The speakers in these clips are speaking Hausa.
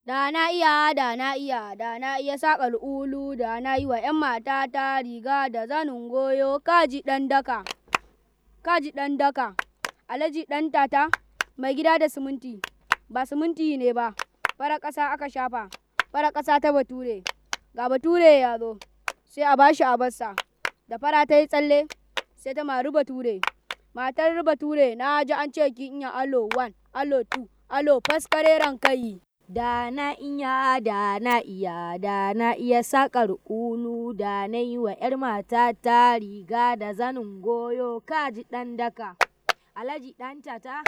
Da na iya, da na iya, da na iya saka ulu, da na yi wa ‘yan ta riga da zanin goyo, ka ji daka, ka ji daka, alaji dan tata, mai gida da siminti, ba siminti ne ba, farar ƙasa aka shafa, farar ƙasa ta bature, ga bature ya zo, sai a bashi a bassa, da fara ta yi tsalle, sai ta maru bature, matar bature na ji an ce kin iya alo 1, alo 2, allo faskare kai Da na iya, da iya, da iya saƙar ulu, da na yi wa ‘yar mata ta riga da zanin goyo, kaji ɗan daka. Alhaji ɗan tata,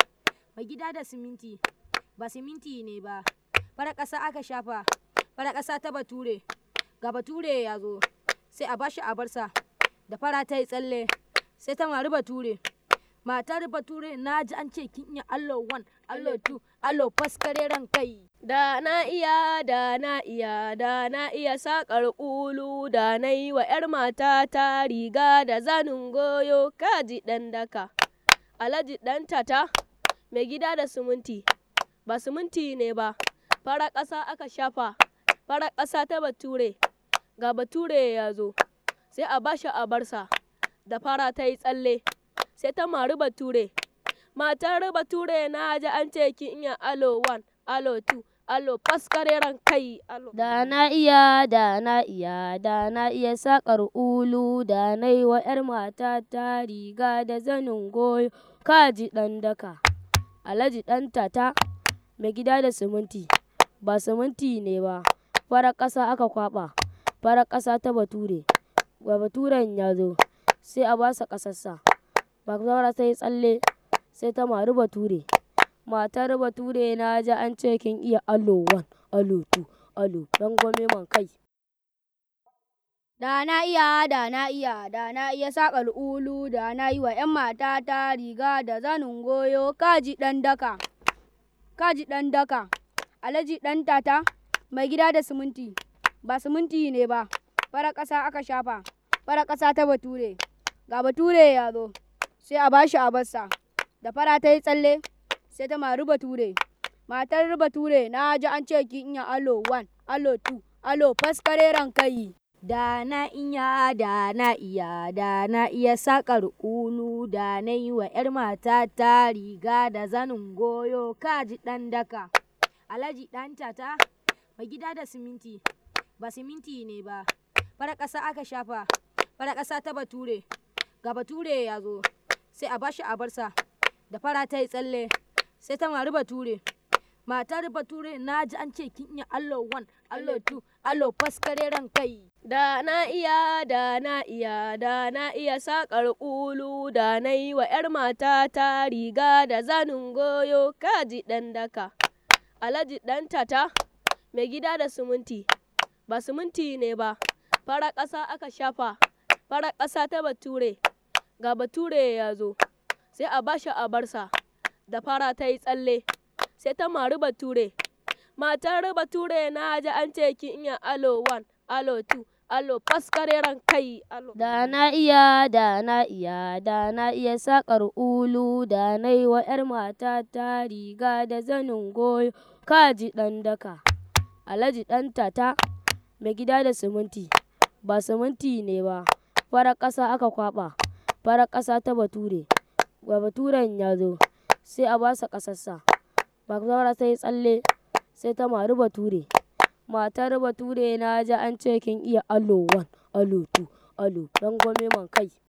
mai gida da siminti, ba siminti ne ba, fara ƙasa aka shafa, fara ƙasa ta bature, ga bature ya zo, sai a bashi a barsa, da fara ta yi tsalle, sai ta mari bature. matar bature na ji an ce kin iya allo one allo two allo faskare ran kai da na iya da na iya da na iya sakar kulu da na yi wa yar mata ta riga da zanin goyo kaji dan daka alaji dan tata mai gida da sumunti ba sumunti ne ba fara ƙasa aka shafa fara ƙasa ta bature ga bature ya zo sai a bashi a barsa da fara ta yi tsalle sai ta mari bature. ruba ture na ji an ce ki iya alo 1, alo 2, alo ran kai alo. Da na iya, da na iya, da na iya sakar ulu, da na yi wa 'yar mata ta riga da zanin goyo, kaji ɗan daka, alaji dan tata, mai gida da siminti, ba siminti ne ba, fara ƙasa aka kwaɓa, fara ƙasa ta bature, ba baturen ya zo, sai a basa ƙasarsa. Bazawara sai tsalle sai ta mari Bature. Matar Bature na ji an ce kin iya alo wan, alo tu, alo dangwame man kai. Da na iya, da iya, da iya saƙar ulu, da na yi wa ‘yan ta riga da zanin goyo, kaji ɗan daka, kaji ɗan daka, alaji ɗan tata, mai gida da siminti, ba siminti ne ba, fara ƙasa aka shafa, fara ƙasa ta bature, ga bature ya zo. sai a bashi a bassa da fara ta yi tsalle sai ta mari ture. matar ruba ture na ji an ce ki inya alo 1 alo 2 alo faskare kai da na iya da na iya da na iya sakar ulu da na yi wa 'yar mata ta riga da zanin goyo ka ji ɗan daka alaji ɗanta tata ba gida da siminti ba siminti ne ba fara ƙasa aka shafa fara ƙasa ta bature ga bature ya zo sai a bashi a barsa da fara ta yi tsalle sai ta mari bature matar bature na ji an ce kin iya allo one allo two allo faskare ran kai da na iya da na iya da na iya sakar kulu da na yi wa yar mata ta riga da zanin goyo kaji dan daka alaji dan tata mai gida da sumunti. ba sumunti ne ba fara ƙasa aka shafa fara ƙasa ta bature ga bature ya zo sai a bashi a barsa da fara ta yi tsalle sai ta mari bature matar ture na ji an ce ki iya alo 1 alo 2 alo ran kai alo da na iya da na iya da na iya sakar ulu da na yi wa yar mata ta riga da zanin goyo kaji dan daka alaji dan tata mai gida da siminti ba siminti ne ba fara ƙasa aka kwaba farar ƙasa ta bature ga baturen ya zo sai a basa ƙasarsa bazawara ta yi tsalle sai ta maru bature matar bature na ji an ce kin iya alowan alotu, alo don gome man kai